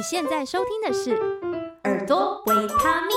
你現在收聽的是《耳朵維他命》。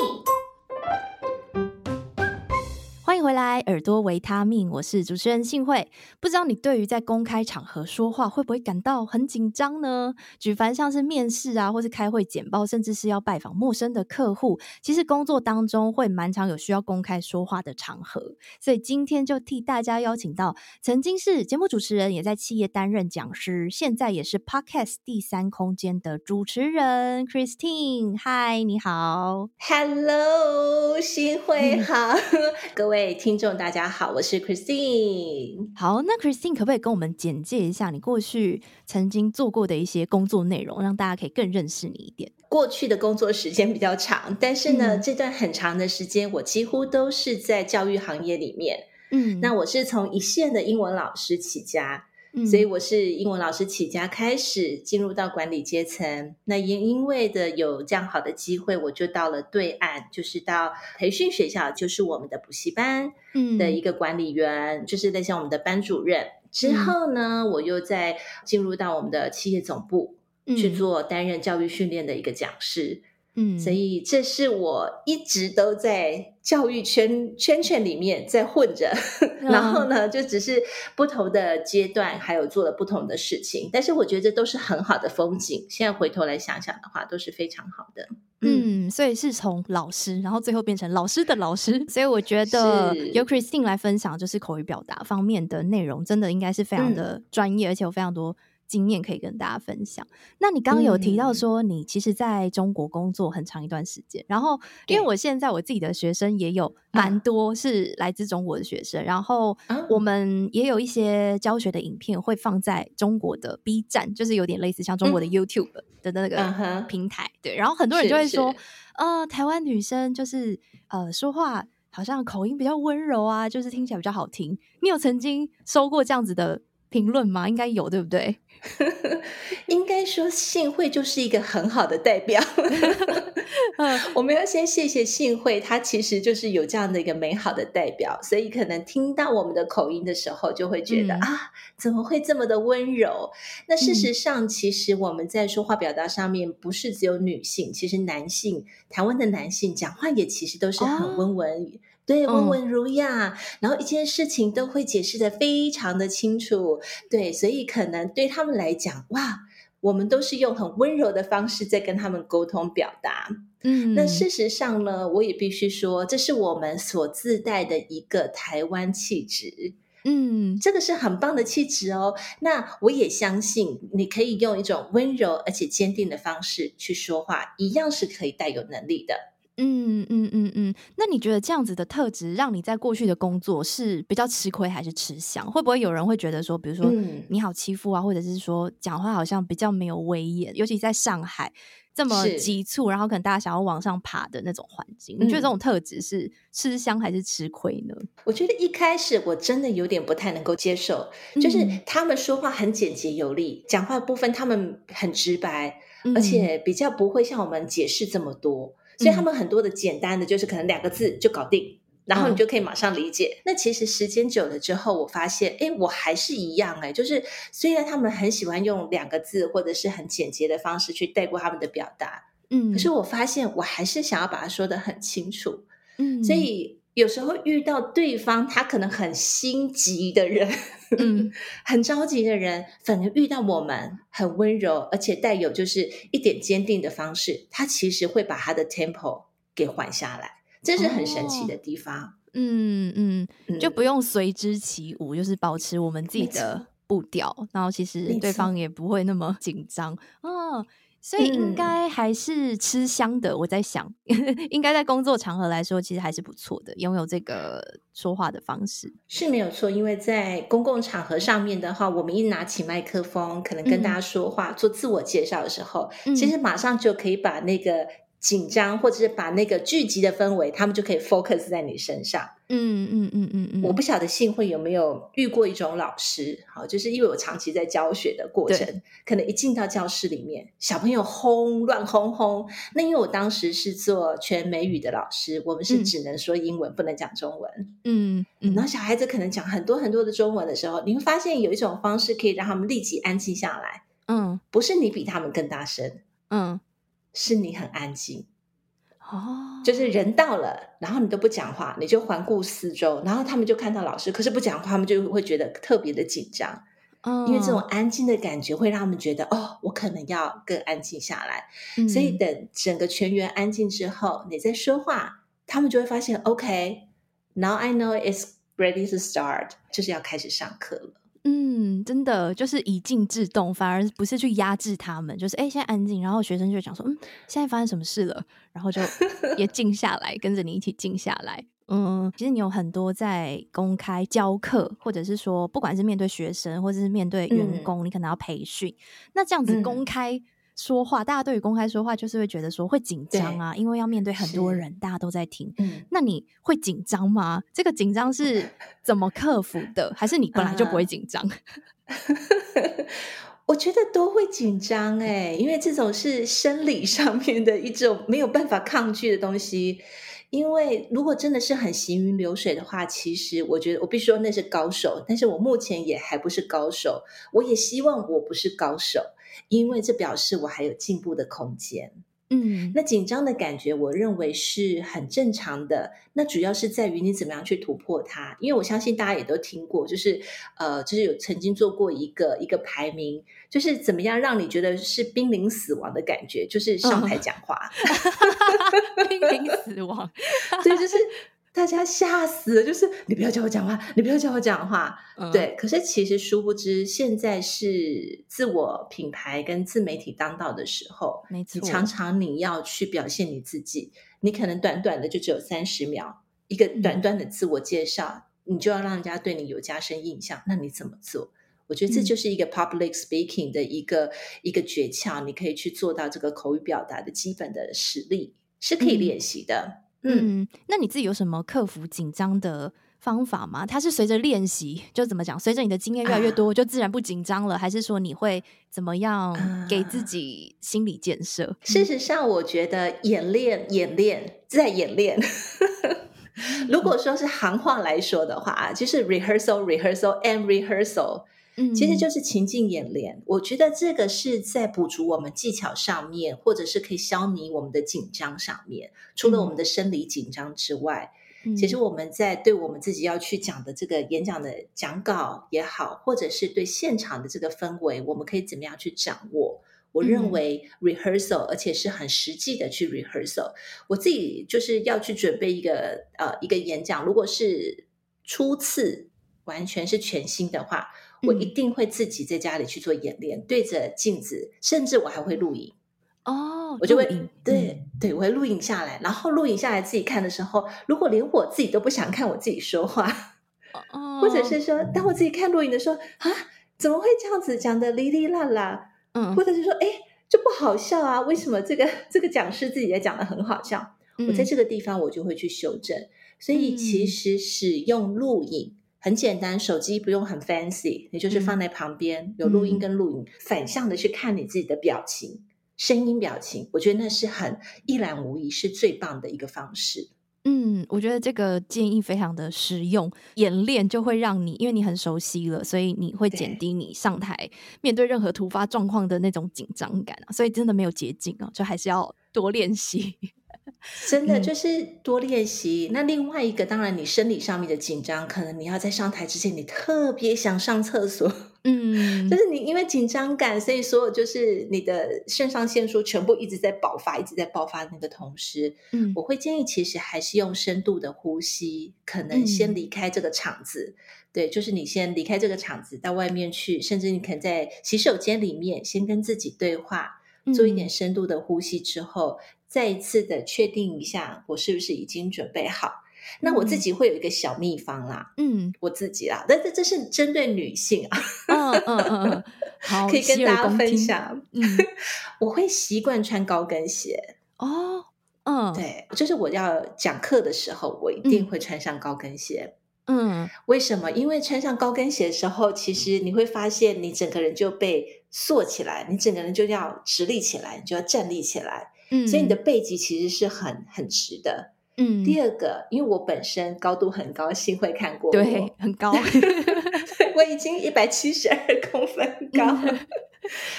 回來耳朵維他命，我是主持人信慧。不知道你對於在公開場合說話會不會感到很緊張呢？舉凡像是面試啊，或是開會簡報，甚至是要拜訪陌生的客戶，其實工作當中會蠻常有需要公開說話的場合。所以今天就替大家邀請到曾經是節目主持人，也在企業擔任講師，現在也是 Podcast 第三空間的主持人 Christine。Hi，你好，Hello，信慧，好， 各位。聽眾大家好，我是 Christine。好，那 Christine 可不可以跟我們簡介一下你過去曾經做過的一些工作內容，讓大家可以更認識你一點？過去的工作時間比較長，但是呢，嗯、這段很長的時間我幾乎都是在教育行業裡面。嗯，那我是從一線的英文老師起家。所以我是英文老師起家，開始、嗯、進入到管理階層。那也因為的有這樣好的機會，我就到了對岸，就是到培訓學校，就是我們的補習班的一個管理員，嗯、就是類似我們的班主任。之後呢，嗯、我又再進入到我們的企業總部、嗯、去做擔任教育訓練的一個講師。嗯，所以這是我一直都在教育圈圈圈裡面在混着，嗯、然後呢，就只是不同的階段，還有做了不同的事情，但是我覺得這都是很好的風景。嗯、現在回頭來想想的話，都是非常好的。嗯，所以是從老師，然後最後變成老師的老師， 所以我覺得由 Christine 來分享，就是口語表達方面的內容，真的應該是非常的專業，嗯、而且有非常多。經驗可以跟大家分享。那你剛剛有提到說，你其實在中國工作很長一段時間，嗯、然後因為我現在我自己的學生也有蠻多是來自中國的學生，啊、然後我們也有一些教學的影片會放在中國的 B 站，嗯、就是有點類似像中國的 YouTube 的那個平台。嗯、對，然後很多人就會說，是是呃，台灣女生就是呃說話好像口音比較溫柔啊，就是聽起來比較好聽。你有曾經收過這樣子的？評論嗎？應該有，對不對？ 應該說信慧就是一個很好的代表、 哎。我們要先謝謝信慧，他其實就是有這樣的一個美好的代表，所以可能聽到我們的口音的時候，就會覺得、嗯、啊，怎麼會這麼的溫柔？那事實上，嗯、其實我們在說話表達上面，不是只有女性，其實男性，台灣的男性講話也其實都是很溫文。哦對，溫文儒雅，嗯、然後一件事情都會解釋得非常的清楚。對，所以可能對他們來講，哇，我們都是用很溫柔的方式在跟他們溝通表達。嗯，那事實上呢，我也必須說，這是我們所自帶的一個台灣氣質。嗯，這個是很棒的氣質哦。那我也相信，你可以用一種溫柔而且堅定的方式去說話，一樣是可以帶有能力的。嗯嗯嗯嗯，那你覺得這樣子的特質，讓你在過去的工作是比較吃虧還是吃香？會不會有人會覺得說，比如說你好欺負啊，嗯、或者是說講話好像比較沒有威嚴？尤其在上海這麼急促，是然後可能大家想要往上爬的那種環境，你覺得這種特質是吃香還是吃虧呢？我覺得一開始我真的有點不太能夠接受，嗯、就是他們說話很簡潔有力，講話部分他們很直白，嗯、而且比較不會像我們解釋這麼多。所以他們很多的簡單的，就是可能兩個字就搞定，然後你就可以馬上理解。嗯、那其實時間久了之後，我發現，哎，我還是一樣哎、欸，就是雖然他們很喜歡用兩個字或者是很簡潔的方式去帶過他們的表達，嗯，可是我發現我還是想要把它說得很清楚，嗯，所以。有時候遇到對方，他可能很心急的人，嗯， 很着急的人，反而遇到我們很溫柔，而且帶有就是一點堅定的方式，他其實會把他的 tempo 給緩下來，這是很神奇的地方，嗯、哦、嗯，嗯嗯就不用隨之起舞，就是保持我們自己的步調，次然後其實對方也不會那麼緊張次啊。所以應該還是吃香的，我在想，嗯、 應該在工作場合來說，其實還是不錯的。擁有這個說話的方式是沒有錯，因為在公共場合上面的話，我們一拿起麥克風，可能跟大家說話、嗯、做自我介紹的時候，嗯、其實馬上就可以把那個緊張，或者是把那個聚集的氛圍，他們就可以 focus 在你身上。嗯嗯嗯嗯嗯，嗯嗯嗯嗯，我不曉得信慧有沒有遇過一種老師，好，就是因為我長期在教學的過程，對可能一進到教室裡面，小朋友轟亂轟轟。那因為我當時是做全美語的老師，我們是只能說英文，嗯、不能講中文。嗯嗯，嗯然後小孩子可能講很多很多的中文的時候，你會發現有一種方式可以讓他們立即安靜下來。嗯，不是你比他們更大聲，嗯，是你很安靜。哦，oh. 就是人到了，然後你都不講話，你就環顧四周，然後他們就看到老師，可是不講話，他們就會覺得特別的緊張，嗯，oh. 因為這種安靜的感覺會讓他們覺得哦，我可能要更安靜下來，mm. 所以等整個全員安靜之後，你再說話，他們就會發現 OK，now I know it's ready to start，就是要開始上課了。嗯，真的就是以靜制動，反而不是去壓制他們，就是哎，欸、現在安靜，然後學生就講說，嗯，現在發生什麼事了，然後就也靜下來， 跟着你一起靜下來。嗯，其實你有很多在公開教課，或者是說，不管是面對學生或者是面對員工，嗯、你可能要培訓，那這樣子公開。嗯說話，大家對於公開說話，就是會覺得說會緊張啊，對因為要面對很多人，是大家都在聽。嗯、那你會緊張嗎？這個緊張是怎麼克服的？ 還是你本來就不會緊張？Uh huh. 我覺得都會緊張哎、欸，因為這種是生理上面的一種沒有辦法抗拒的東西。因為如果真的是很行雲流水的話，其實我覺得我必須說那是高手，但是我目前也還不是高手。我也希望我不是高手。因為這表示我還有進步的空間，嗯，那緊張的感覺，我認為是很正常的。那主要是在於你怎麼樣去突破它。因為我相信大家也都聽過，就是呃，就是有曾經做過一個一個排名，就是怎麼樣讓你覺得是瀕臨死亡的感覺，就是上台講話，嗯、 瀕臨死亡， 所以就是。大家嚇死了，就是你不要叫我講話，你不要叫我講話。Uh, 對，可是其實殊不知，現在是自我品牌跟自媒體當道的時候。沒錯，你常常你要去表現你自己，你可能短短的就只有三十秒，一個短短的自我介紹，嗯、你就要讓人家對你有加深印象。那你怎麼做？我覺得這就是一個 public speaking 的一個、嗯、一個訣竅，你可以去做到這個口語表達的基本的實力是可以練習的。嗯嗯，嗯，那你自己有什麼克服緊張的方法嗎？它是隨着練習就怎麼講，隨着你的經驗越來越多，啊、就自然不緊張了，還是說你會怎麼樣給自己心理建設、啊？事實上，我覺得演練、演練、再演練。 如果說是行話來說的話啊，就是 rehearsal、rehearsal and rehearsal。嗯，其實就是情境演練。嗯、我覺得這個是在補足我們技巧上面，或者是可以消弭我們的緊張上面。除了我們的生理緊張之外，嗯、其實我們在對我們自己要去講的這個演講的講稿也好，或者是對現場的這個氛圍，我們可以怎麼樣去掌握。我認為 rehearsal，嗯、而且是很實際的去 rehearsal。我自己就是要去準備一個呃一個演講，如果是初次完全是全新的話。我一定會自己在家裡去做演練，對着鏡子，甚至我還會錄影哦，oh, 錄影我就會對對，我會錄影下來，然後錄影下來自己看的時候，如果連我自己都不想看我自己說話，oh. 或者是說，當我自己看錄影的時候，啊，怎麼會這樣子講得哩哩啦啦？嗯，oh. 或者是說，誒這不好笑啊？為什麼這個這個講師自己也講得很好笑？Mm. 我在這個地方我就會去修正，所以其實使用錄影。Mm. 很簡單，手機不用很 fancy，你就是放在旁邊，嗯、有錄音跟錄影，嗯、反向的去看你自己的表情、聲音、表情，我覺得那是很一覽無遺，是最棒的一個方式。嗯，我覺得這個建議非常的實用，演練就會讓你，因為你很熟悉了，所以你會減低你上台對面對任何突發狀況的那種緊張感啊，所以真的沒有捷徑哦、啊，就還是要多練習。真的就是多練習。嗯、那另外一個，當然你生理上面的緊張，可能你要在上台之前，你特別想上廁所，嗯，就是你因為緊張感，所以所有就是你的腎上腺素全部一直在爆發，一直在爆發。那個同時，嗯，我會建議，其實還是用深度的呼吸，可能先離開這個場子，嗯、對，就是你先離開這個場子，到外面去，甚至你可能在洗手間裡面先跟自己對話，做一點深度的呼吸之後。嗯再一次的確定一下，我是不是已經準備好？那我自己會有一個小秘方啦，嗯，我自己啦，但這這是針對女性啊，嗯嗯嗯，哦哦、可以跟大家分享。嗯， 我會習慣穿高跟鞋哦，嗯、哦，對，就是我要講課的時候，我一定會穿上高跟鞋。嗯，為什麼？因為穿上高跟鞋的時候，其實你會發現，你整個人就被塑起來，你整個人就要直立起來，你就要站立起來。所以你的背脊其實是很很直的。嗯，第二個，因為我本身高度很高，幸會看過，對，很高， 我已經一百七十二公分高。嗯、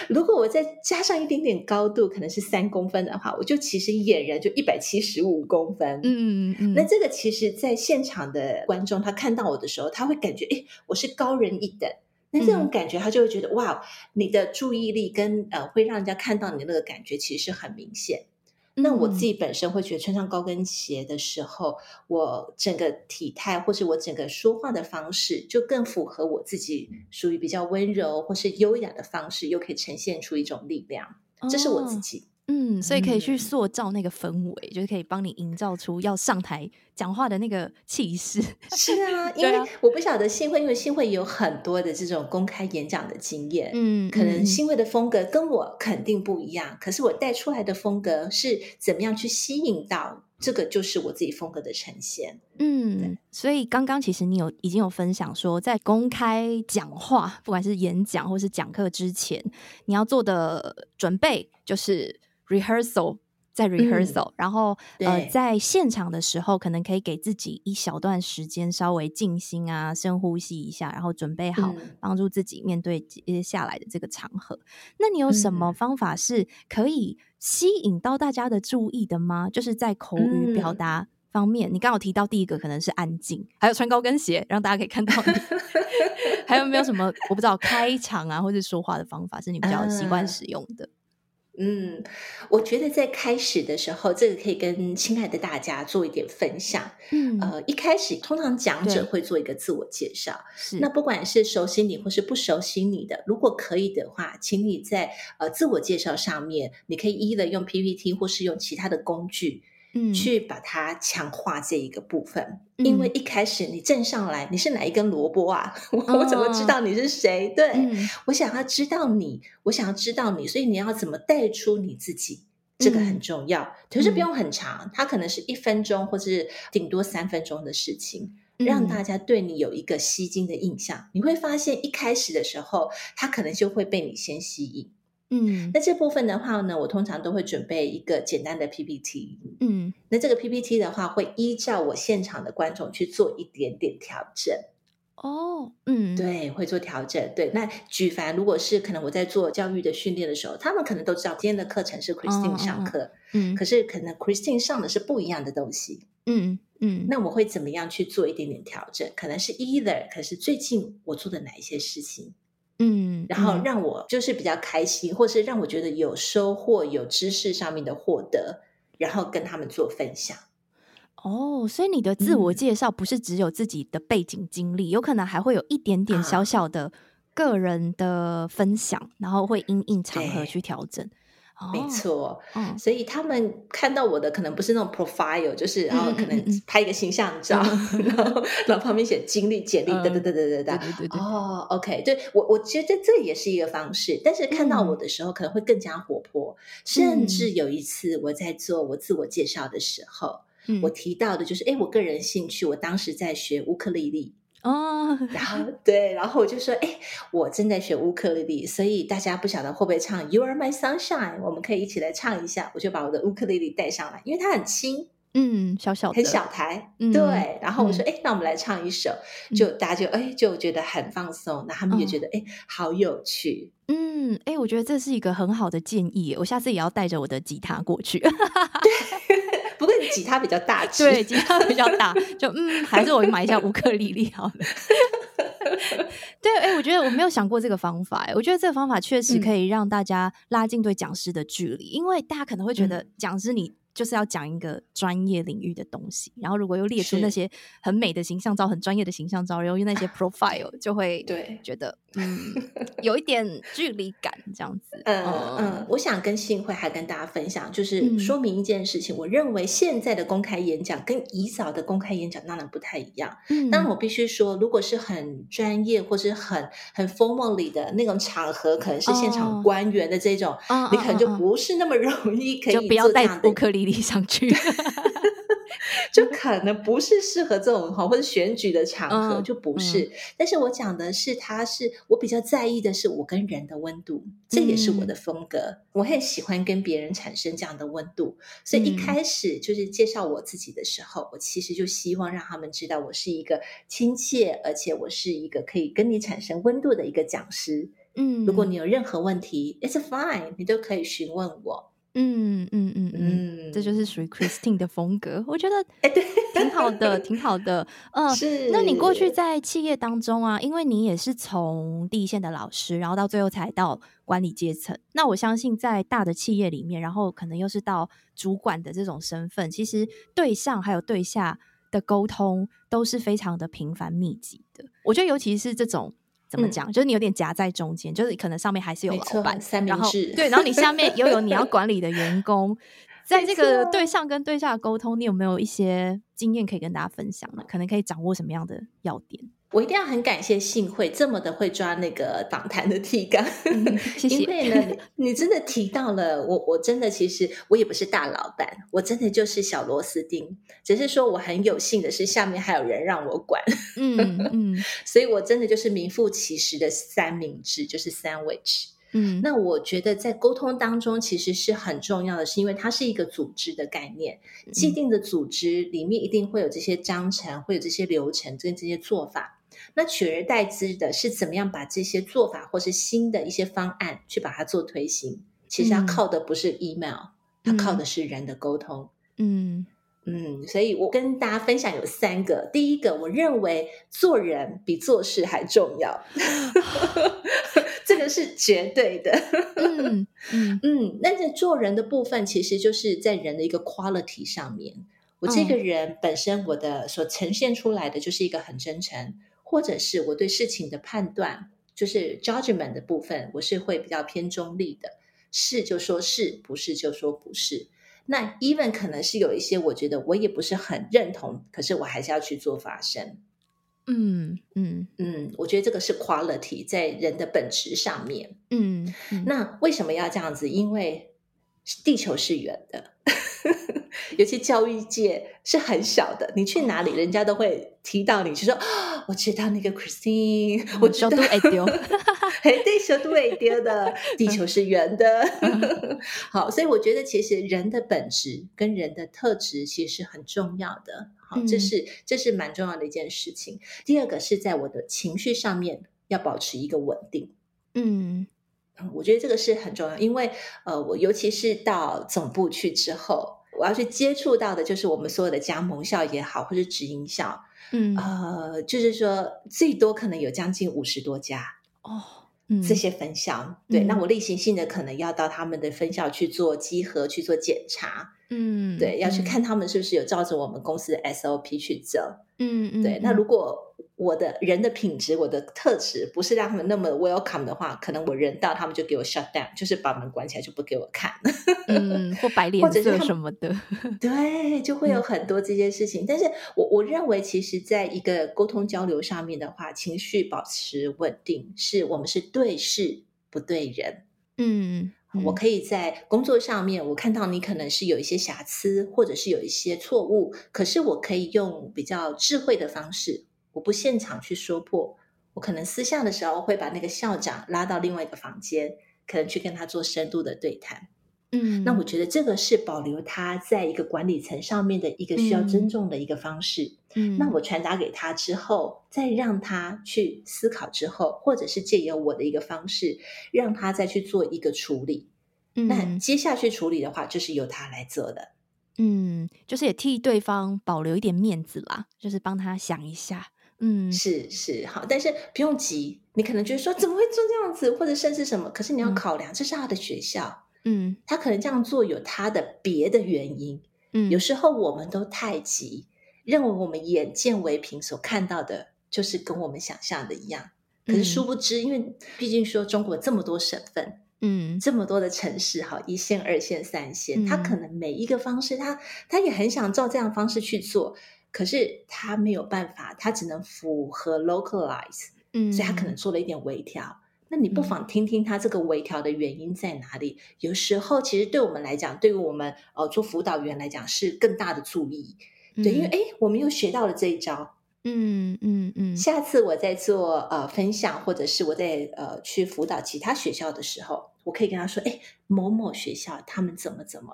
如果我再加上一點點高度，可能是三公分的話，我就其實儼然就一百七十五公分。嗯嗯，嗯，那這個其實，在現場的觀眾他看到我的時候，他會感覺，哎，我是高人一等。那這種感覺，他就會覺得、嗯、哇，你的注意力跟呃，會讓人家看到你的那個感覺，其實是很明顯。那我自己本身會覺得，穿上高跟鞋的時候，嗯、我整個體態，或是我整個說話的方式，就更符合我自己屬於比較溫柔或是優雅的方式，又可以呈現出一種力量。哦、這是我自己。嗯，所以可以去塑造那個氛圍，嗯、就是可以幫你營造出要上台講話的那個氣勢。是啊，因為我不曉得信慧，因為信慧有很多的這種公開演講的經驗。嗯，可能信慧的風格跟我肯定不一樣，嗯、可是我帶出來的風格是怎麼樣去吸引到這個，就是我自己風格的呈現。嗯，對所以剛剛其實你有已經有分享說，在公開講話，不管是演講或是講課之前，你要做的準備就是 rehearsal 在 rehearsal，嗯、然後對呃，在現場的時候，可能可以給自己一小段時間，稍微靜心啊，深呼吸一下，然後準備好，幫助自己面對接下來的這個場合。嗯、那你有什麼方法是可以吸引到大家的注意的嗎？嗯、就是在口語表達方面，嗯、你剛好提到第一個可能是安靜，還有穿高跟鞋，讓大家可以看到你。 還有沒有什麼？我不知道開場啊，或者說話的方法是你比較習慣使用的。嗯嗯，我覺得在開始的時候，這個可以跟親愛的大家做一點分享。嗯，呃，一開始通常講者會做一個自我介紹，是對那不管是熟悉你或是不熟悉你的，是如果可以的話，請你在呃自我介紹上面，你可以一一的用 PPT 或是用其他的工具。去把它強化這一個部分，嗯、因為一開始你站上來，你是哪一根蘿蔔啊？哦、 我怎麼知道你是誰？對、嗯、我想要知道你，我想要知道你，所以你要怎麼帶出你自己？這個很重要，嗯、可是不用很長，嗯、它可能是一分鐘，或是頂多三分鐘的事情，嗯、讓大家對你有一個吸睛的印象。你會發現，一開始的時候，他可能就會被你先吸引。嗯，那這部分的話呢，我通常都會準備一個簡單的 PPT。嗯，那這個 PPT 的話，會依照我現場的觀眾去做一點點調整。哦，嗯，對，會做調整。對，那舉凡如果是可能我在做教育的訓練的時候，他們可能都知道今天的課程是 Christine 上課。哦哦哦嗯，可是可能 Christine 上的是不一樣的東西。嗯嗯，嗯那我會怎麼樣去做一點點調整？可能是 either，可是最近我做的哪一些事情？嗯，然後讓我就是比較開心，嗯、或是讓我覺得有收穫、有知識上面的獲得，然後跟他們做分享。哦，所以你的自我介紹不是只有自己的背景經歷，嗯、有可能還會有一點點小小的個人的分享，啊、然後會因應場合去調整？沒錯，哦嗯、所以他們看到我的可能不是那種 profile，就是然後、哦、嗯、可能拍一個形象照，然後然後旁邊寫經歷簡歷，等等等等、得得得得、噠噠。哦，OK，對，我我覺得這也是一個方式，但是看到我的時候可能會更加活潑。嗯、甚至有一次我在做我自我介紹的時候，嗯、我提到的就是，誒，我個人興趣，我當時在學烏克麗麗。哦，oh. 然後對，然後我就說，哎、欸，我正在學烏克麗麗，所以大家不曉得會不會唱《You Are My Sunshine》，我們可以一起來唱一下。我就把我的烏克麗麗帶上來，因為它很輕，嗯，小小，很小台，嗯、對。然後我說，哎、嗯欸，那我們來唱一首，就大家就哎、欸、就覺得很放鬆，那他們也覺得哎、oh. 欸、好有趣，嗯，哎、欸，我覺得這是一個很好的建議，我下次也要帶着我的吉他過去。 不過吉他比較大， 對，吉他比較大， 就嗯，還是我買一下烏克麗麗好了。 對，哎、欸，我覺得我沒有想過這個方法、欸，我覺得這個方法確實可以讓大家拉近對講師的距離，嗯、因為大家可能會覺得講師你、嗯。就是要講一個專業領域的東西，然後如果又列出那些很美的形象照，是很專業的形象照，然後用那些 profile 就會對覺得嗯 有一點距離感這樣子。嗯嗯，我想跟信慧還跟大家分享，就是說明一件事情。我認為現在的公開演講跟以早的公開演講當然不太一樣。嗯，但我必須說，如果是很專業或是很很 formally 的那種場合，可能是現場官員的這種，你可能就不是那麼容易可以就不要帶撲他克臉。 你想去， 就可能不是適合這種好或者選舉的場合，oh, 就不是。Um. 但是我講的是，是，他是我比較在意的是我跟人的溫度，這也是我的風格。Mm. 我很喜歡跟別人產生這樣的溫度，所以一開始就是介紹我自己的時候，mm. 我其實就希望讓他們知道我是一個親切，而且我是一個可以跟你產生溫度的一個講師。嗯，mm. 如果你有任何問題，It's fine，你都可以詢問我。嗯嗯嗯嗯，嗯，這就是屬於 Christine 的風格，嗯、我覺得哎對， 挺好的，挺好的。嗯、呃，是。那你過去在企業當中啊，因為你也是從第一線的老師，然後到最後才到管理階層。那我相信在大的企業裡面，然後可能又是到主管的這種身份，其實對上還有對下的溝通都是非常的頻繁密集的。我覺得尤其是這種。怎麼講？嗯、就是你有點夾在中間，就是可能上面還是有老板，錯然後三明治，對，然後你下面又有你要管理的員工。 在這個對上跟對下溝通，你有沒有一些經驗可以跟大家分享呢？可能可以掌握什麼樣的要點？我一定要很感謝信慧這麼的會抓那個訪談的提綱、嗯，謝謝。 因為呢，你真的提到了我，我真的其實我也不是大老闆，我真的就是小螺絲釘，只是說我很有幸的是下面還有人讓我管，嗯嗯，嗯 所以我真的就是名副其實的三明治，就是 sandwich。嗯，那我覺得在溝通當中其實是很重要的，是因為它是一個組織的概念，既定的組織裡面一定會有這些章程，會有這些流程跟這些做法。那取而代之的是怎麼樣把這些做法或是新的一些方案去把它做推行？其實它靠的不是 email，它靠的是人的溝通。嗯。嗯。嗯。嗯，所以我跟大家分享有三個。第一個，我認為做人比做事還重要， 這個是絕對的。嗯嗯嗯，那在做人的部分，其實就是在人的一個 quality 上面。我這個人本身，我的所呈現出來的就是一個很真誠，嗯、或者是我對事情的判斷，就是 judgment 的部分，我是會比較偏中立的，是就說是，不是就說不是。那 even 可能是有一些，我覺得我也不是很認同，可是我還是要去做發聲。嗯嗯嗯，我覺得這個是 quality 在人的本質上面。嗯，嗯，那為什麼要這樣子？因為地球是圓的， 尤其教育界是很小的，你去哪裡，人家都會提到你，就說、啊、我知道那個 Christine，我知道度愛丟。嗯 對，球都會掉的。地球是圓的。 好，所以我覺得其實人的本質跟人的特質其實是很重要的。好，嗯、這是這是蠻重要的一件事情。第二個是在我的情緒上面要保持一個穩定。嗯嗯，我覺得這個是很重要，因為呃，我尤其是到總部去之後，我要去接觸到的就是我們所有的加盟校也好，或者直營校，嗯呃，就是說最多可能有將近五十多家。哦。這些分校，嗯、對，那我例行性的可能要到他們的分校去做稽核，嗯、去做檢查，嗯，對，要去看他們是不是有照着我們公司的 SOP 去走，嗯嗯，對，嗯、那如果。我的人的品質，我的特質，不是讓他們那麼 welcome 的話，可能我人到他們就給我 shut down，就是把門關起來，就不給我看，嗯，或白臉色什麼的， 對，就會有很多這些事情。嗯、但是我我認為，其實在一個溝通交流上面的話，情緒保持穩定，是我們是對事不對人。嗯，嗯我可以在工作上面，我看到你可能是有一些瑕疵，或者是有一些錯誤，可是我可以用比較智慧的方式。我不現場去說破，我可能私下的時候會把那個校長拉到另外一個房間，可能去跟他做深度的對談。嗯，那我覺得這個是保留他在一個管理層上面的一個需要尊重的一個方式。嗯，嗯，那我傳達給他之後，再讓他去思考之後，或者是借由我的一個方式，讓他再去做一個處理。嗯，那接下去處理的話，就是由他來做的。嗯，就是也替對方保留一點面子啦，就是幫他想一下。嗯，是是好，但是不用急。你可能覺得說怎麼會做這樣子，或者甚至什麼？可是你要考量，嗯、這是他的學校，嗯，他可能這樣做有他的別的原因。嗯，有時候我們都太急，認為我們眼見為憑，所看到的就是跟我們想象的一樣。可是殊不知，嗯、因為畢竟說中國這麼多省份，嗯，這麼多的城市，好，一線、二線、三線，嗯、他可能每一個方式，他他也很想照這樣方式去做。可是他沒有辦法，他只能符合 localize，嗯，所以他可能做了一點微調。嗯、那你不妨聽聽他這個微調的原因在哪裡。嗯、有時候其實對我們來講，對於我們呃做輔導員來講是更大的注意，嗯、對，因為哎，我們又學到了這一招，嗯嗯嗯。嗯嗯下次我再做呃分享，或者是我在呃去輔導其他學校的時候，我可以跟他說，哎，某某學校他們怎麼怎麼。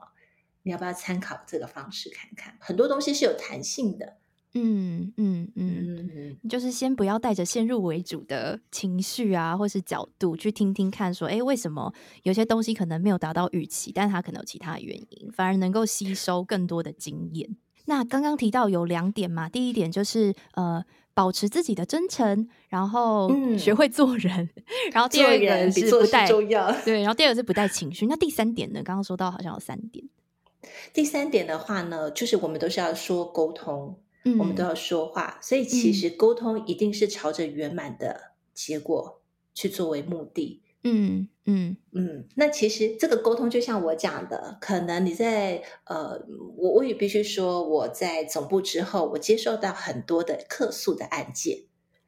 你要不要參考這個方式看看？很多東西是有彈性的，嗯嗯嗯嗯，嗯嗯嗯嗯，就是先不要帶着先入為主的情緒啊，或是角度去聽聽看說，說、欸、哎，為什麼有些東西可能沒有達到預期？但它可能有其他的原因，反而能夠吸收更多的經驗。 那剛剛提到有兩點嘛，第一點就是呃，保持自己的真誠，然後學會做人。嗯、然後第二個是不帶，重要對，然後第二個是不帶情緒。 那第三點呢？剛剛說到好像有三點。第三點的話呢，就是我們都是要說溝通，嗯，我們都要說話，所以其實溝通一定是朝着圓滿的結果去作為目的，嗯嗯嗯。那其實這個溝通就像我講的，可能你在呃，我我也必須說我在總部之後，我接受到很多的客訴的案件，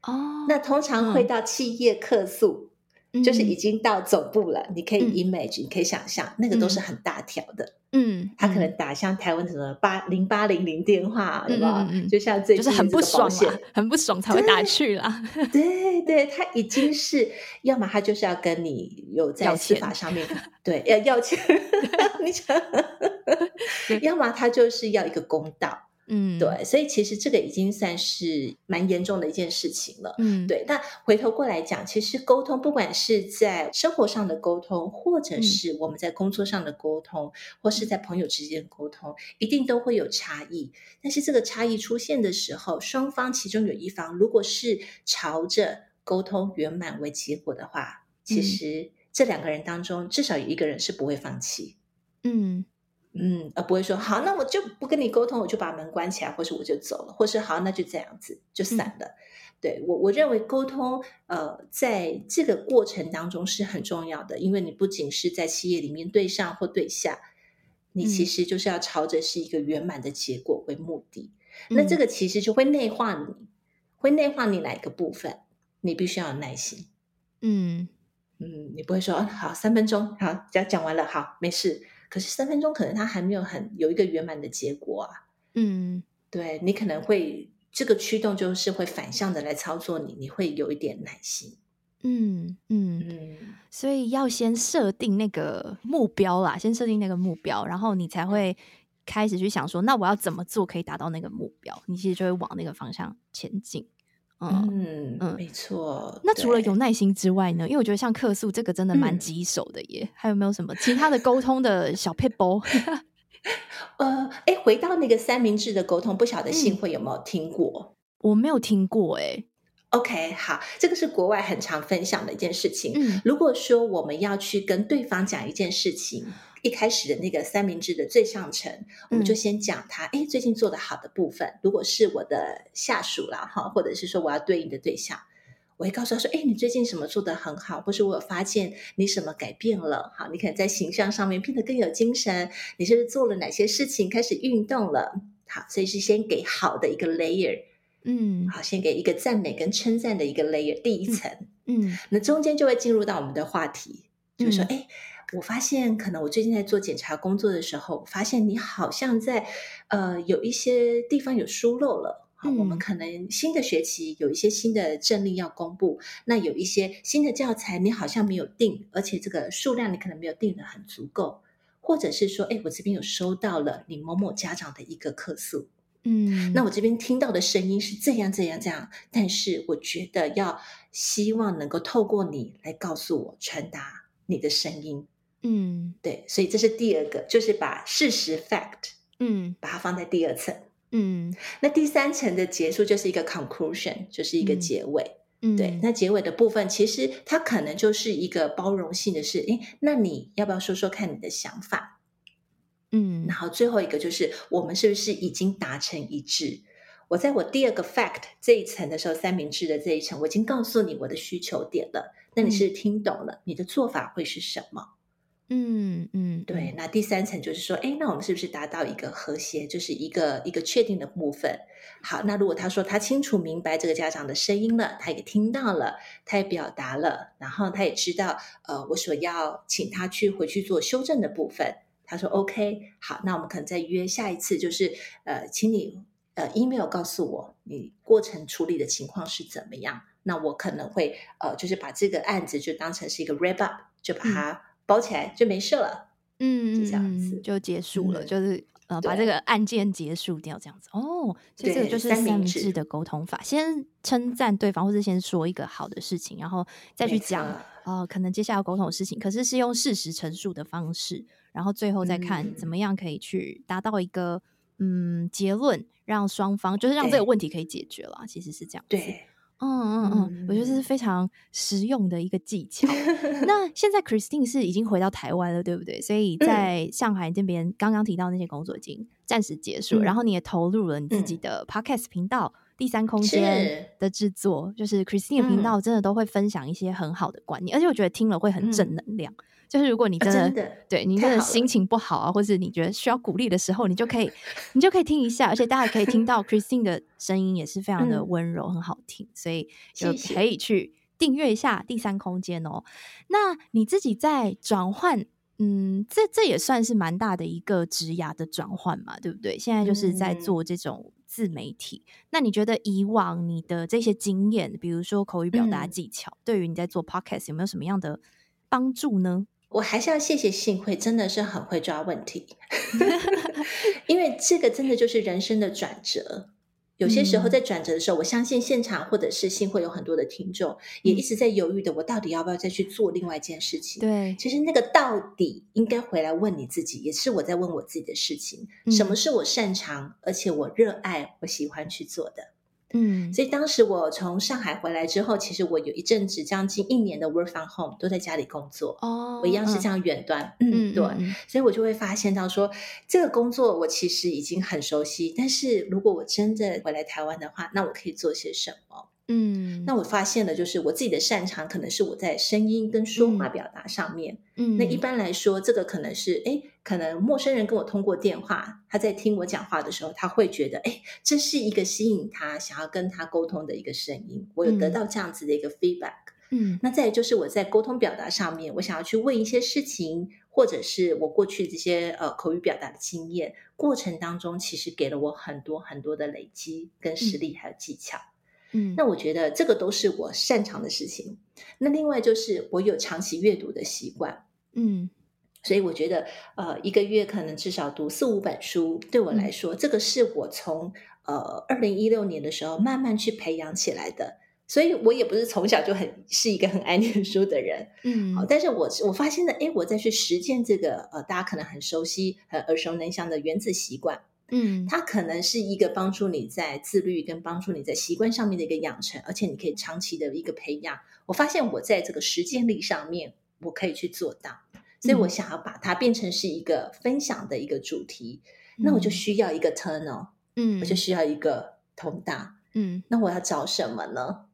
哦，那通常會到企業客訴。嗯。就是已經到總部了，嗯、你可以 image，嗯、你可以想象，那個都是很大條的。嗯，他可能打像台灣什麼八零八零零電話，對吧、嗯？就像這就是很不爽、啊、很不爽才會打去了。對對，他已經是 要麼他就是要跟你有在司法上面要錢對要要錢，你想？要麼他就是要一個公道。嗯，對，所以其實這個已經算是蠻嚴重的一件事情了。嗯，對。那回頭過來講，其實溝通，不管是在生活上的溝通，或者是我們在工作上的溝通，或是在朋友之間溝通，一定都會有差異。但是這個差異出現的時候，雙方其中有一方如果是朝着溝通圓滿為結果的話，嗯、其實這兩個人當中至少有一個人是不會放棄。嗯。嗯，呃，不會說好，那我就不跟你溝通，我就把門關起來，或是我就走了，或是好，那就這樣子就散了。嗯、對我，我認為溝通，呃，在這個過程當中是很重要的，因為你不僅是在企業裡面對上或對下，你其實就是要朝着是一個圓滿的結果為目的。嗯、那這個其實就會內化你，會內化你哪一個部分？你必須要有耐心。嗯嗯，你不會說好三分鐘，好講講完了，好沒事。可是三分鐘可能他還沒有很有一個圓滿的結果啊，嗯，對你可能會這個驅動就是會反向的來操作你，你會有一點耐心，嗯嗯嗯，嗯嗯，所以要先設定那個目標啦，先設定那個目標，然後你才會開始去想說，那我要怎麼做可以達到那個目標？你其實就會往那個方向前進。嗯嗯嗯，嗯，沒錯。那除了有耐心之外呢？對因為我覺得像客訴這個真的蠻棘手的耶。嗯、還有沒有什麼其他的溝通的小撇步？ 呃誒，回到那個三明治的溝通，不曉得信慧有沒有聽過？嗯、我沒有聽過哎、欸。OK，好，這個是國外很常分享的一件事情。嗯、如果說我們要去跟對方講一件事情，嗯、一開始的那個三明治的最上層，嗯、我們就先講他，哎，最近做得好的部分。如果是我的下屬啦，哈，或者是說我要對應的對象，我會告訴他說，哎，你最近什麼做得很好，或是我有發現你什麼改變了？好，你可能在形象上面變得更有精神，你是不是做了哪些事情，開始運動了？好，所以是先給好的一個 layer。嗯，好，先給一個讚美跟稱讚的一個 layer，第一層。嗯，嗯，那中間就會進入到我們的話題，就是說，哎、嗯，我發現可能我最近在做檢查工作的時候，發現你好像在呃有一些地方有疏漏了。嗯，我們可能新的學期有一些新的政令要公布，那有一些新的教材你好像沒有定，而且這個數量你可能沒有定得很足夠，或者是說，哎，我這邊有收到了你某某家長的一個客訴。嗯，那我這邊聽到的聲音是這樣這樣這樣，但是我覺得要希望能夠透過你來告訴我傳達你的聲音。嗯，對，所以這是第二個，就是把事實 fact，嗯，把它放在第二層。嗯，那第三層的結束就是一個 conclusion，就是一個結尾。嗯，對，那結尾的部分其實它可能就是一個包容性的是，是、欸、誒，那你要不要說說看你的想法？嗯，然後最後一個就是我們是不是已經達成一致？我在我第二個 fact 這一層的時候，三明治的這一層，我已經告訴你我的需求點了。那你是聽懂了？你的做法會是什麼？嗯嗯，對。那第三層就是說，哎，那我們是不是達到一個和諧，就是一個一個確定的部分？好，那如果他說他清楚明白這個家長的聲音了，他也聽到了，他也表達了，然後他也知道，呃，我所要請他去回去做修正的部分。他說 OK，好，那我們可能再約下一次，就是呃，請你呃 email 告訴我你過程處理的情況是怎麼樣，那我可能會呃，就是把這個案子就當成是一個 wrap up，就把它包起來，就沒事了，嗯，就這樣子，嗯，就結束了，嗯，就是。把這個案件結束掉，這樣子哦，所以這個就是三明治的溝通法，先稱讚對方，或是先說一個好的事情，然後再去講錯、呃、可能接下來溝通的事情，可是是用事實陳述的方式，然後最後再看怎麼樣可以去達到一個嗯，嗯結論，讓雙方就是讓這個問題可以解決了，對其實是這樣子。對。嗯嗯嗯，我覺得這是非常實用的一個技巧。 那現在 Christine 是已經回到台灣了，對不對？所以在上海這邊剛剛提到那些工作已經暫時結束，嗯、然後你也投入了你自己的 podcast 頻道第三空間的制作，是就是 Christine 的頻道真的都會分享一些很好的觀念，嗯、而且我覺得聽了會很正能量。嗯就是如果你真的、哦、真的對，你真的心情不好啊，好或者你覺得需要鼓勵的時候，你就可以，你就可以聽一下， 而且大家可以聽到 Christine 的聲音也是非常的溫柔，嗯、很好聽，所以就可以去訂閱一下第三空間哦、喔。謝謝，那你自己在轉換，嗯，這這也算是蠻大的一個職涯的轉換嘛，對不對？現在就是在做這種自媒體，嗯、那你覺得以往你的這些經驗，比如說口語表達技巧，嗯、對於你在做 Podcast 有沒有什麼樣的幫助呢？我還是要謝謝信慧，真的是很會抓問題， 因為這個真的就是人生的轉折。有些時候在轉折的時候，嗯、我相信現場或者是信慧有很多的聽眾也一直在猶豫的，我到底要不要再去做另外一件事情？對、嗯，其實那個到底應該回來問你自己，也是我在問我自己的事情，什麼是我擅長，而且我熱愛、我喜歡去做的。嗯，所以當時我從上海回來之後，其實我有一陣子將近一年的 work from home 都在家裡工作。哦，我一樣是這樣遠端，嗯，嗯對。嗯、所以我就會發現到說，這個工作我其實已經很熟悉。但是如果我真的回來台灣的話，那我可以做些什麼？嗯，那我發現了，就是我自己的擅長，可能是我在聲音跟說話表達上面。嗯，嗯，那一般來說，這個可能是，哎，可能陌生人跟我通過電話，他在聽我講話的時候，他會覺得，哎，這是一個吸引他想要跟他溝通的一個聲音。嗯，我有得到這樣子的一個 feedback。嗯，那再有就是我在溝通表達上面，我想要去問一些事情，或者是我過去這些呃口語表達的經驗過程當中，其實給了我很多很多的累積跟實力還有技巧。嗯嗯，那我覺得這個都是我擅長的事情。那另外就是我有長期閱讀的習慣，嗯，所以我覺得呃，一個月可能至少讀四五本書，對我來說，嗯、這個是我從呃二零一六年的時候慢慢去培養起來的。所以我也不是從小就很是一個很愛唸書的人，嗯，好，但是我我發現了，哎，我在去實踐這個呃，大家可能很熟悉、很耳熟能詳的原子習慣。嗯，它可能是一個幫助你在自律跟幫助你在習慣上面的一個養成，而且你可以長期的一個培養。我發現我在這個時間力上面我可以去做到，所以我想要把它變成是一個分享的一個主題，嗯，那我就需要一個 tunnel，嗯，我就需要一個通道，嗯，那我要找什麼呢？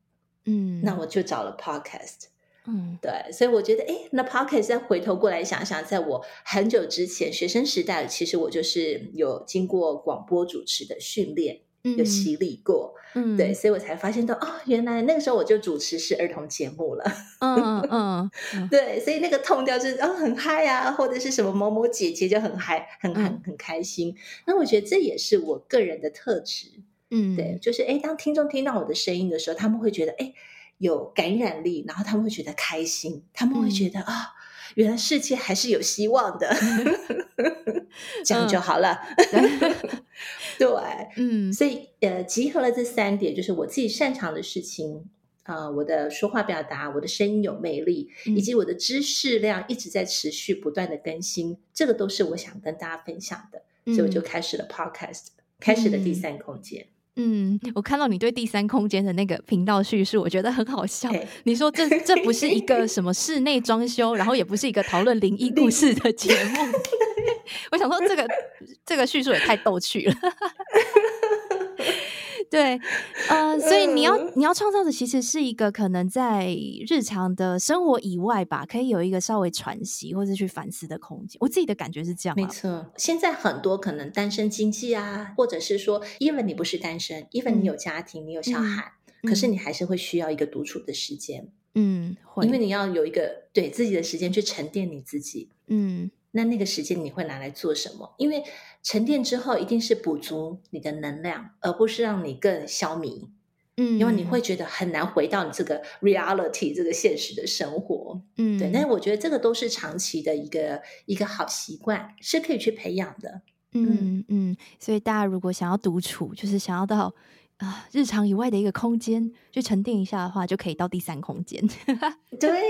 嗯，那我就找了 podcast。嗯，對，所以我覺得，哎，那 podcast 再回頭過來想想，在我很久之前學生時代，其實我就是有經過廣播主持的訓練，嗯、有洗禮過。嗯，對，所以我才發現到，哦，原來那個時候我就主持是兒童節目了。嗯嗯，對，所以那個痛調、就是，哦，很嗨啊，或者是什麼某某姐姐就很嗨，很很、嗯、很開心。那我覺得這也是我個人的特質。嗯，對，就是，哎，當聽眾聽到我的聲音的時候，他們會覺得，哎。有感染力，然後他們會覺得開心，他們會覺得啊、嗯哦，原來世界還是有希望的， 這樣就好了。哦、 對，嗯，所以呃，集合了這三點，就是我自己擅長的事情啊、呃，我的說話表達，我的聲音有魅力，嗯、以及我的知識量一直在持續不斷的更新，這個都是我想跟大家分享的，所以我就開始了 podcast，、嗯、開始了第三空間。嗯嗯，我看到你對第三空間的那個頻道敘述，我覺得很好笑。你說，這這不是一個什麼室內裝修， 然後也不是一個討論靈異故事的節目， 我想說，這個這個敘述也太逗趣了。 對，呃，所以你要你要創造的其實是一個可能在日常的生活以外吧，可以有一個稍微喘息或者去反思的空間。我自己的感覺是這樣。啊，沒錯。現在很多可能單身經濟啊，或者是說，因為你不是單身，因為你有家庭，你有小孩，嗯、可是你還是會需要一個獨處的時間，嗯，會因為你要有一個對自己的時間去沉澱你自己，嗯。那那個時間你會拿來做什麼？因為沉澱之後一定是補足你的能量，而不是讓你更消弭。嗯、因為你會覺得很難回到你這個 reality 這個現實的生活。嗯、對。那我覺得這個都是長期的一個一個好習慣，是可以去培養的。嗯嗯，嗯所以大家如果想要獨處，就是想要到啊日常以外的一個空間去沉澱一下的話，就可以到第三空間。 對。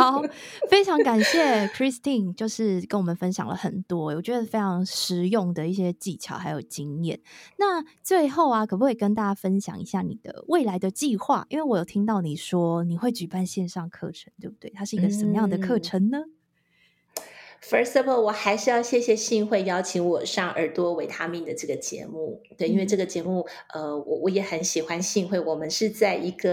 好，非常感謝 Christine，就是跟我們分享了很多，我覺得非常實用的一些技巧還有經驗。那最後啊，可不可以跟大家分享一下你的未來的計劃？因為我有聽到你說你會舉辦線上課程，對不對？它是一個什麼樣的課程呢？嗯 First of all，我還是要謝謝信慧邀請我上耳朵維他命的這個節目，對，因為這個節目，嗯、呃，我我也很喜歡信慧。我們是在一個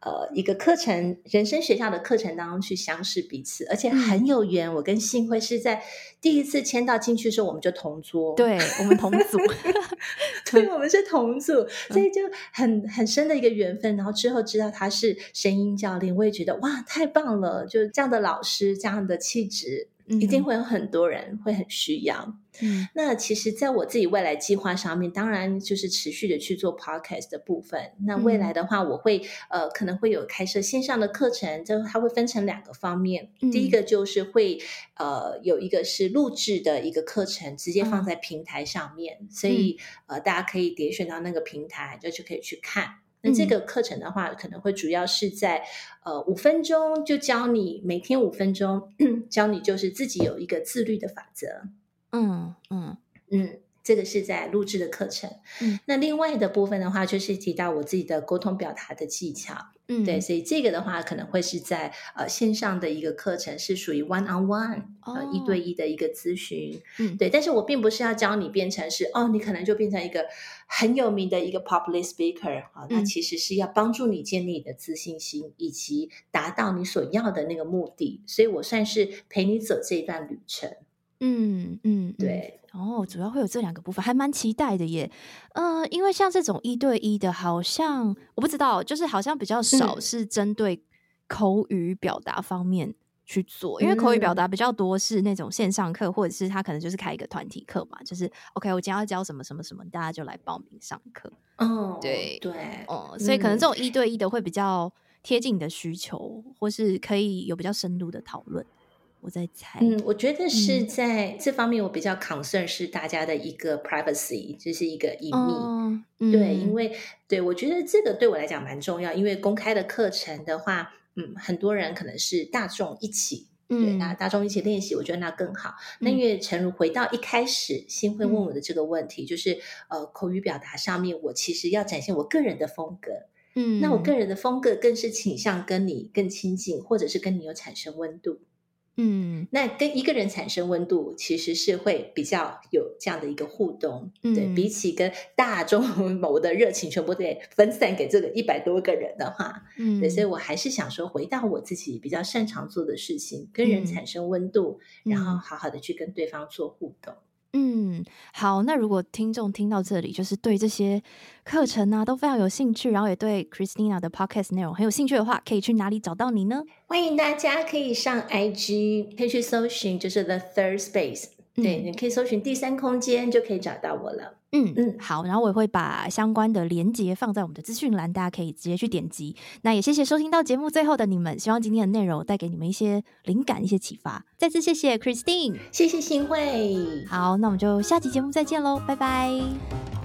呃一個課程人生學校的課程當中去相識彼此，而且很有緣。嗯、我跟信慧是在第一次簽到進去的時候，我們就同桌，對我們同組， 對，我們是同組，所以就很很深的一個緣分。然後之後知道他是聲音教練，我也覺得哇，太棒了，就是這樣的老師，這樣的氣質。一定會有很多人會很需要。嗯、那其實在我自己未來計劃上面，當然就是持續的去做 podcast 的部分。那未來的話，我會、嗯、呃可能會有開設線上的課程，就它會分成兩個方面。嗯、第一個就是會呃有一個是錄製的一個課程，直接放在平台上面，嗯、所以呃大家可以點選到那個平台就就可以去看。那這個課程的話，嗯、可能會主要是在呃五分鐘，就教你每天五分鐘，教你就是自己有一個自律的法則。嗯嗯嗯。嗯嗯這個是在錄製的課程，嗯，那另外的部分的話，就是提到我自己的溝通表達的技巧，嗯，對，所以這個的話，可能會是在呃線上的一個課程，是屬於 one on one、哦、呃一對一的一個諮詢，嗯，對，但是我並不是要教你變成是哦，你可能就變成一個很有名的一個 public speaker 啊，那其實是要幫助你建立你的自信心，嗯、以及達到你所要的那個目的，所以我算是陪你走這一段旅程。嗯嗯，嗯對，哦，主要會有這兩個部分，還蠻期待的耶。嗯、呃，因為像這種一對一的，好像我不知道，就是好像比較少是針對口語表達方面去做，嗯、因為口語表達比較多是那種線上課，或者是他可能就是開一個團體課嘛，就是 OK，我今天要教什麼什麼什麼，大家就來報名上課。哦，對對，對哦，嗯、所以可能這種一對一的會比較貼近你的需求，或是可以有比較深度的討論。我在猜，嗯，我覺得是在這方面，我比較 concern、嗯、是大家的一個 privacy，就是一個隱秘。哦嗯、對，因為對我覺得這個對我來講蠻重要，因為公開的課程的話，嗯，很多人可能是大眾一起，嗯、對，那大眾一起練習，我覺得那更好。那、嗯、因為誠如回到一開始信慧問我的這個問題，嗯、就是呃，口語表達上面，我其實要展現我個人的風格，嗯，那我個人的風格更是傾向跟你更親近，或者是跟你有產生溫度。嗯，那跟一個人產生溫度，其實是會比較有這樣的一個互動。嗯，對，比起跟大眾某的熱情全部都得分散給這個一百多個人的話，嗯，對，所以我還是想說，回到我自己比較擅長做的事情，跟人產生溫度，嗯、然後好好的去跟對方做互動。嗯，好。那如果聽眾聽到這裡，就是對這些課程呢、啊、都非常有興趣，然後也對 Christine 的 podcast 內容很有興趣的話，可以去哪裡找到你呢？歡迎大家可以上 IG，可以去搜尋就是 The Third Space、嗯、對，你可以搜尋第三空間就可以找到我了。嗯嗯，好，然後我也會把相關的鏈接放在我們的資訊欄，大家可以直接去點擊。那也謝謝收聽到節目最後的你們，希望今天的內容帶給你們一些靈感、一些啟發。再次謝謝 Christine，謝謝信慧。好，那我們就下期節目再見嘍，拜拜。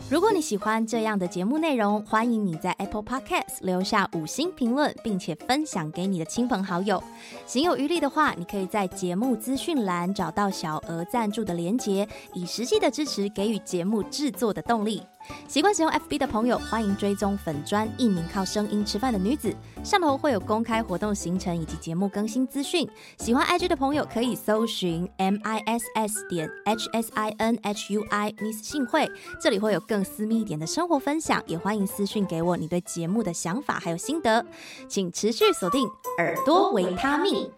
如果你喜歡這樣的節目內容，歡迎你在 Apple Podcasts 留下五星評論，並且分享給你的親朋好友。行有餘力的話，你可以在節目資訊欄找到小額贊助的鏈接，以實際的支持給予節目制。做的動力，習慣使用 FB 的朋友歡迎追蹤粉專一名靠聲音吃飯的女子，上頭會有公開活動行程，以及節目更新資訊。喜歡 IG 的朋友可以搜尋 Miss 點 H S I N H U I Miss 信慧，這裡會有更私密一點的生活分享，也歡迎私訊給我你對節目的想法還有心得，請持續鎖定耳朵維他命。